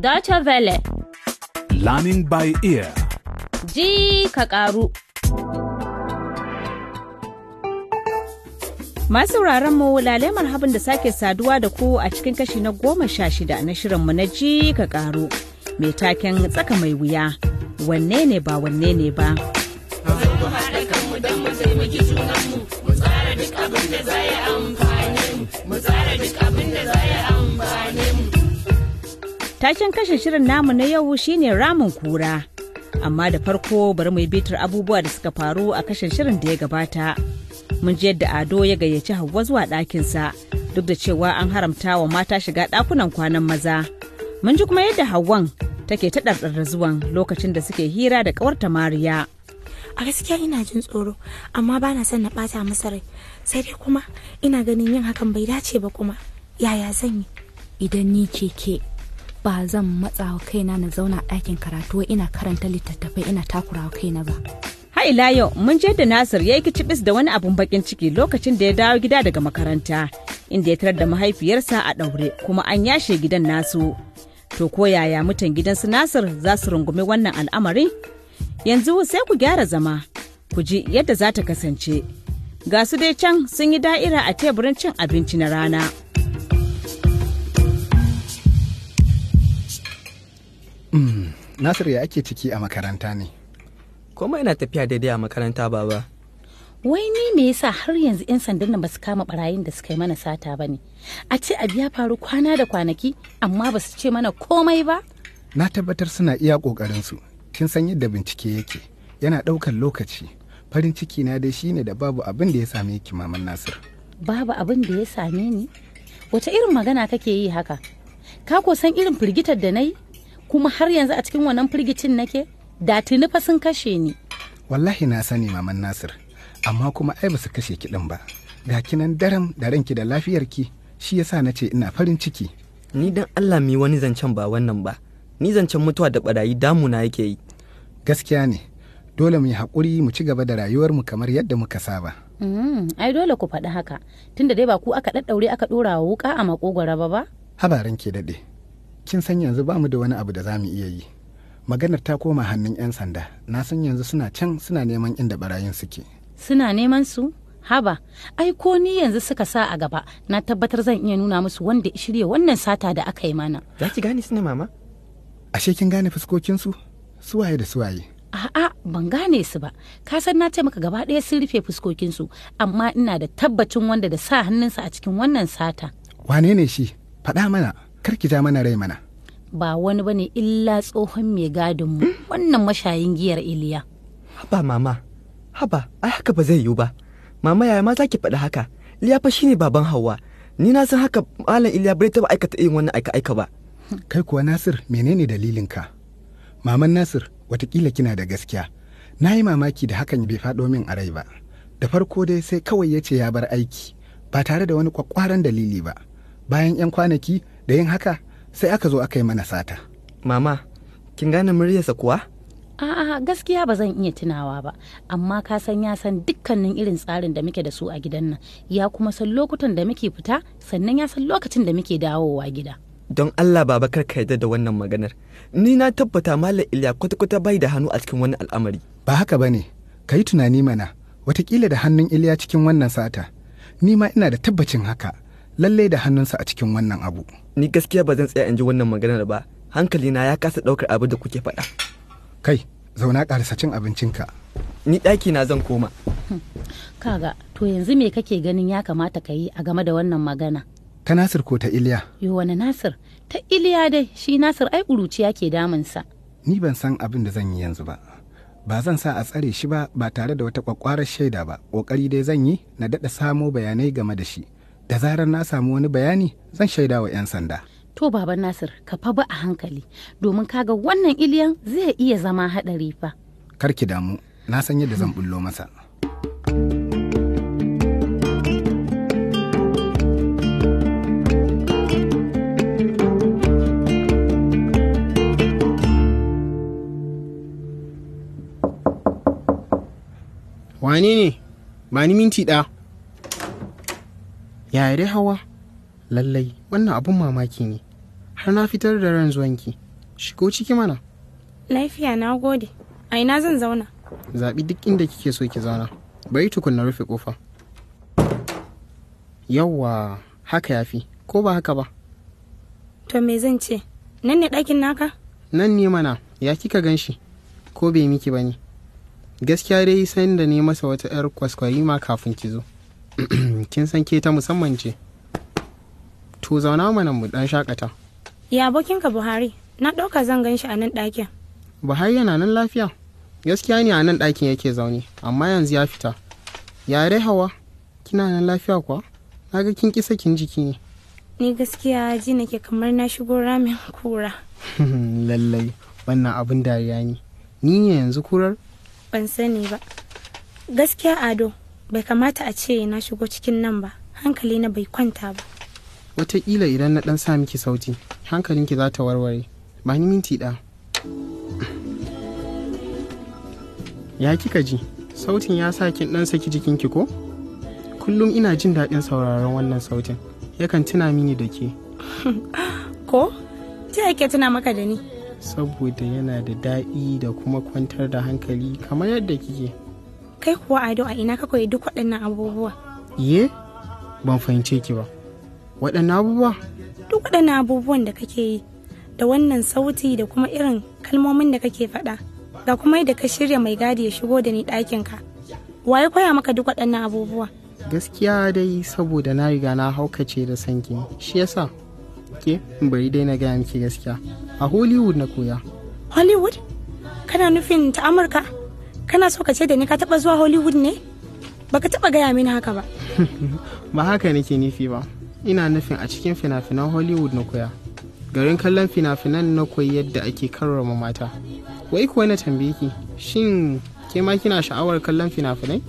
Deutsche Welle. Learning by ear. Ji ka karu. Masu mu lalai marhabin da sake saduwa da ku a cikin kashi na goma sha shida na shirinmu na ji ka karu Mai taken tsaka mai wuya, wanne ne ba wanne ne ba. Mu tsara duk abin da za ya amfane mu, mu tsara da za ya amfane mu. Taken kashin shirin namu na yau shine ramin kura. Amma da farko bari mu yi bitar abubuwa da suka faru a kashin shirin da ya gabata. Mun ji yadda Ado ya gayyaci Hauwa zuwa ɗakinsa duk da cewa an haramta wa mata shiga ɗakunan kwanan maza. Mun ji kuma yadda Hauwan take ta ɗarɗar zuwan lokacin da suke hira da ƙawarta Mariya. a gaskiya ina jin tsoro amma bana son na ɓata masa rai sai dai kuma ina ganin yin hakan bai dace ba kuma yaya zan yi idan ni ke ke ba zan matsa kaina na zauna ɗakin karatu ina karanta littattafai ina takurawa kaina ba. ila yau mun je da Nasir ya yi kicibis da wani abun bakin ciki lokacin da ya dawo gida daga makaranta inda ya tarar da mahaifiyarsa a ɗaure kuma an yashe gidan nasu. To ko yaya mutan gidan su Nasir za su rungumi wannan al'amari? Yanzu sai ku gyara zama, ku ji yadda za ta kasance. Ga su dai can sun yi da'ira a teburin cin abinci na rana. Nasir ya ake ciki a makaranta ne? Komai yana tafiya daidai a makaranta baba. Wai ni me yasa har yanzu 'yan sandan nan ba su kama barayin da suka yi mana sata ba ne? A ce abu ya faru kwana da kwanaki amma ba su ce mana komai ba? Na tabbatar suna iya ƙoƙarinsu. Kin san yadda bincike yake. Yana ɗaukar lokaci. Farin ciki na dai shine da babu abin da ya same ki maman Nasir. Babu abin da ya same ni? Wace irin magana kake yi haka? Ka ko san irin firgitar da na yi? kuma har yanzu a cikin wannan firgicin nake da tuni fa sun kashe ni wallahi na sani maman nasir amma kuma ai ba su kashe kiɗin ba ga kinan daram da ranki da lafiyar ki, shi yasa na ce ina farin ciki ni dan Allah mi wani zancen ba wannan ba ni zancen mutuwa da barayi damuna yake yi gaskiya ne dole mu yi haƙuri mu ci gaba da rayuwarmu kamar yadda muka saba mm, ai dole ku faɗi haka tunda dai ba ku aka ɗaɗɗaure aka ɗora wa wuka a maƙogwara ba ba habarin ke daɗe kin san yanzu ba mu da wani abu da za mu iya yi maganar ta koma hannun 'yan sanda na san yanzu suna can suna neman inda barayin suke suna neman su haba ai ko ni yanzu suka sa a gaba na tabbatar zan iya nuna musu wanda shirya wannan sata da aka yi mana za ki gane su mama ashe kin gane fuskokin su suwaye da suwaye a'a ban gane su ba ka san na ce maka gaba ɗaya sun rufe fuskokin su amma ina da tabbacin wanda da sa hannunsa a cikin wannan sata wane ne shi faɗa mana karki ja mana rai mana ba wani bane illa tsohon mai gadin mu wannan mashayin giyar iliya haba mama haba ai haka ba zai yiwu ba mama yaya ma za ki faɗi haka iliya fa ne baban Hauwa. ni na san haka malam iliya bai taɓa aikata irin wannan aika aika ba kai kuwa nasir menene dalilin ka maman nasir watakila kina da gaskiya na yi mamaki da hakan bai faɗo min a rai ba da farko dai sai kawai ya ce ya bar aiki ba tare da wani kwakwaran dalili ba bayan 'yan kwanaki da yin haka sai aka zo aka yi mana sata mama kin gane muryarsa kuwa a'a gaskiya ba zan iya tunawa ba amma ka san ya san dukkanin irin tsarin da muke da su a gidan nan ya kuma san lokutan da muke fita sannan ya san lokacin da muke dawowa gida don Allah baba kar ka yarda da wannan maganar ni na tabbata malam Iliya kwata-kwata bai da hannu a cikin wani al'amari ba haka bane ka yi tunani mana watakila da hannun Iliya cikin wannan sata ni ma ina da tabbacin haka lallai da hannunsa a cikin wannan abu ni gaskiya ba zan tsaya in ji wannan maganar ba hankali na ya kasa ɗaukar abin da kuke faɗa kai zauna ƙarisa cin abincinka ni ɗaki na zan koma hmm. kaga to yanzu me kake ganin ya kamata ka yi a game da wannan magana ta nasir ko ta iliya yo wani nasir ta iliya dai shi nasir ai ƙuruciya ke damunsa ni ban san abin da zan yi yanzu ba ba zan sa a tsare shi ba ba tare da wata kwakwarar shaida ba ƙoƙari dai zan yi na daɗa samo bayanai game da shi da zarar na samu wani bayani zan shaida wa 'yan sanda to baba nasir ka fa ba a hankali domin kaga wannan iliyan zai iya zama haɗari fa karki damu na san yadda zan bullo masa Wani ne ba ni minti ɗaya yaya dai hawa lallai wannan abun mamaki ne har na fitar da ran zuwanki shigo ciki mana lafiya na gode a ina zan zauna zaɓi duk inda kike so ki zauna bari tukun na rufe kofa yawwa haka ya fi. ko ba haka ba to me zan ce nan ne ɗakin naka nan ne mana ya kika gan shi ko bai miki ba ne gaskiya dai sanin da ne masa wata 'yar ma kafin ki zo kin san ke ta musamman ce to zauna mana mu dan shakata ya abokinka buhari na ɗauka zan gan shi a nan ɗakin buhari yana nan lafiya gaskiya ne a nan ɗakin yake zaune amma yanzu ya fita Ya rai, hawa kina nan lafiya kuwa na ga kin kisa kin jiki ne ni gaskiya ji nake kamar na shigo ramin kura lallai wannan abin dariya ne ni ne yanzu kurar ban sani ba gaskiya ado bai kamata a ce na shigo cikin nan ba hankali na bai kwanta ba wataƙila idan na ɗan sa miki sauti hankalinki za ta warware ba ni minti ɗa ya kika ji sautin ya sa kin ɗan saki jikinki ko kullum ina jin daɗin sauraron wannan sautin yakan tuna mini da ke ko ta yake tuna maka da ni saboda yana da daɗi da kuma kwantar da hankali kamar yadda kike kai kuwa ado a ina ka koyi duk waɗannan abubuwa ye ban fahimce ki ba waɗannan abubuwa duk waɗannan abubuwan da kake yi da wannan sauti da kuma irin kalmomin da kake faɗa ga kuma da ka shirya mai gadi ya shigo da ni ɗakin ka waye koya maka duk waɗannan abubuwa gaskiya dai saboda na riga na haukace da sanki shi yasa ke bari dai na gaya miki gaskiya a hollywood na koya hollywood kana nufin ta amurka kana so ka ce da ni ka taba zuwa hollywood ne baka taba gaya mini haka ba ba haka nake nifi ba ina nufin a cikin fina-finan hollywood na koya garin kallon fina-finan na koyi yadda ake karrama mata wai kuwa na tambaye ki shin ke ma kina sha'awar kallon fina-finai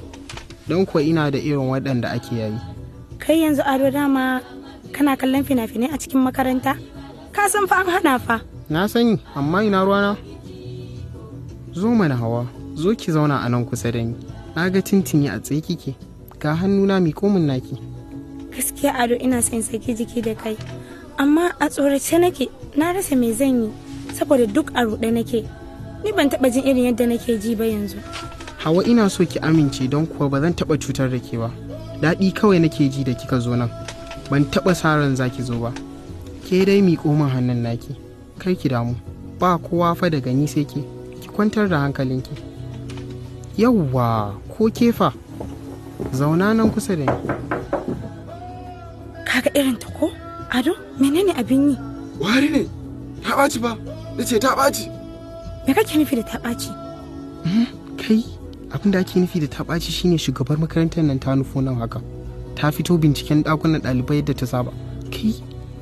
don kuwa ina da irin waɗanda ake yayi kai yanzu ado dama kana kallon fina-finai a cikin makaranta ka san fa an hana fa na sani amma ina ruwana zo mana hawa zo ki zauna a nan kusa da ni na ga tintini a tsaye kike ga hannuna mi komin naki gaskiya ado ina son saki jiki da kai amma a tsorace nake na rasa me zan yi saboda duk a ruɗe nake ni ban taɓa jin irin yadda nake ji ba yanzu hawa ina so ki amince don kuwa ba zan taɓa cutar da ke ba daɗi kawai nake ji da kika zo nan ban taɓa sa ran za ki zo ba ke dai mi komin hannun naki kai ki damu ba kowa fa daga ni sai ki. ki kwantar da hankalinki yauwa ko kefa zauna nan kusa da ni kaga irin ta ko ado menene abin yi wari ne ta ɓaci ba na ce ta ɓaci me kake nufi da ta ɓaci hmm, kai abin da ake nufi da ta ɓaci shine shugabar makarantar nan ta nufo nan haka ta fito binciken ɗakunan ɗalibai yadda ta saba kai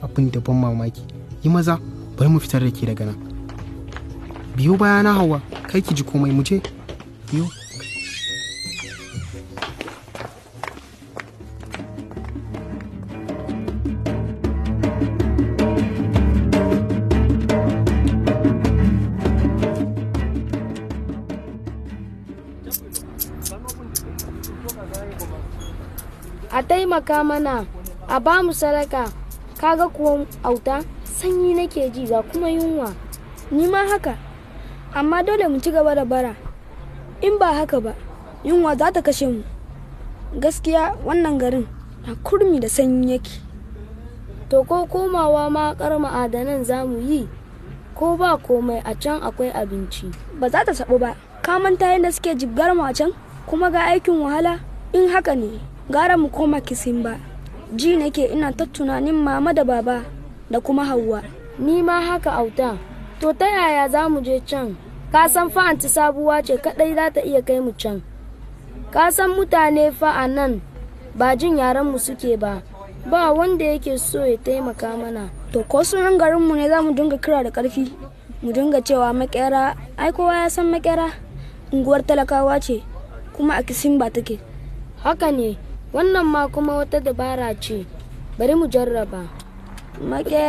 abin da ban mamaki yi maza bari mu fitar da ke daga nan biyo bayana hawa kai ki ji komai mu je biyo a taimaka mana a ba mu sadaka kaga kuwa auta sanyi nake ji ga kuma yunwa ni ma haka amma dole mu ci gaba da bara in ba haka ba yunwa za ta kashe mu gaskiya wannan garin na kurmi da sanyi yake to ko komawa ma kar ma'adanan za mu yi ko ba komai a can akwai abinci ba za ta sabu ba kamanta yadda suke jibgar mu a can kuma ga aikin wahala in haka ne gara mu koma kisimba ji nake ina ta tunanin mama da baba da kuma hauwa ni ma haka auta to ta yaya za mu je can ka san fa anti sabuwa ce kadai za ta iya kai mu can ka san mutane fa a nan ba jin yaran mu suke ba ba wanda yake so ya taimaka mana to ko sunan mu ne za mu dinga kira da karfi mu dinga cewa makera ai kowa ya san makera unguwar talakawa ce kuma a kisin ba take haka ne wannan ma kuma wata dabara ce bari mu jarraba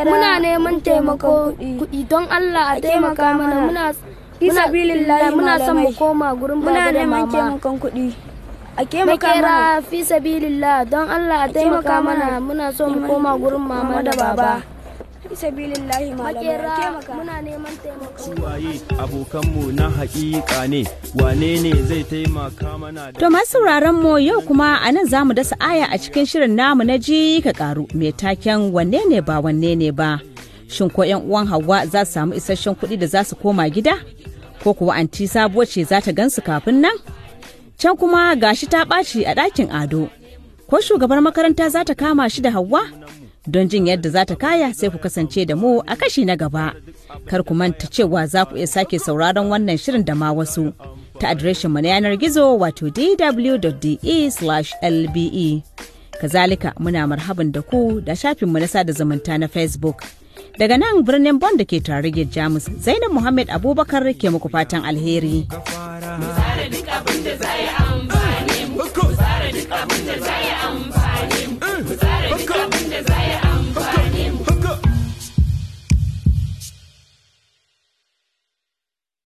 muna neman taimako kuɗi don allah a taimaka mana muna muna son mu koma gurin ba da mama muna neman taimakon kuɗi a taimaka fi sabilillah don allah a taimaka mana muna son mu koma gurin mama da baba sabilillahi malamai to masu sauraron mu yau kuma a nan zamu dasa aya a cikin shirin namu na ji ka karu mai taken wanne ne ba wanne ne ba shin ko yan uwan hawa za su samu isasshen kuɗi da za su koma gida ko kuwa anti sabuwa ce za ta gansu kafin nan can kuma gashi ta ɓaci a ɗakin ado ko shugabar makaranta za ta kama shi da hawa. Don jin yadda za ta kaya sai ku kasance da mu a kashi na gaba. Kar ku manta cewa za ku iya sake sauraron wannan shirin da ma wasu. ta adireshin mu na yanar gizo wato dw.de/lbe. E. Kazalika muna marhaban da ku da shafin mu na sada zumunta na Facebook. Daga nan birnin Bon da ke tare Jamus, Zainab Muhammad Abubakar ke muku fatan alheri. tsara Desire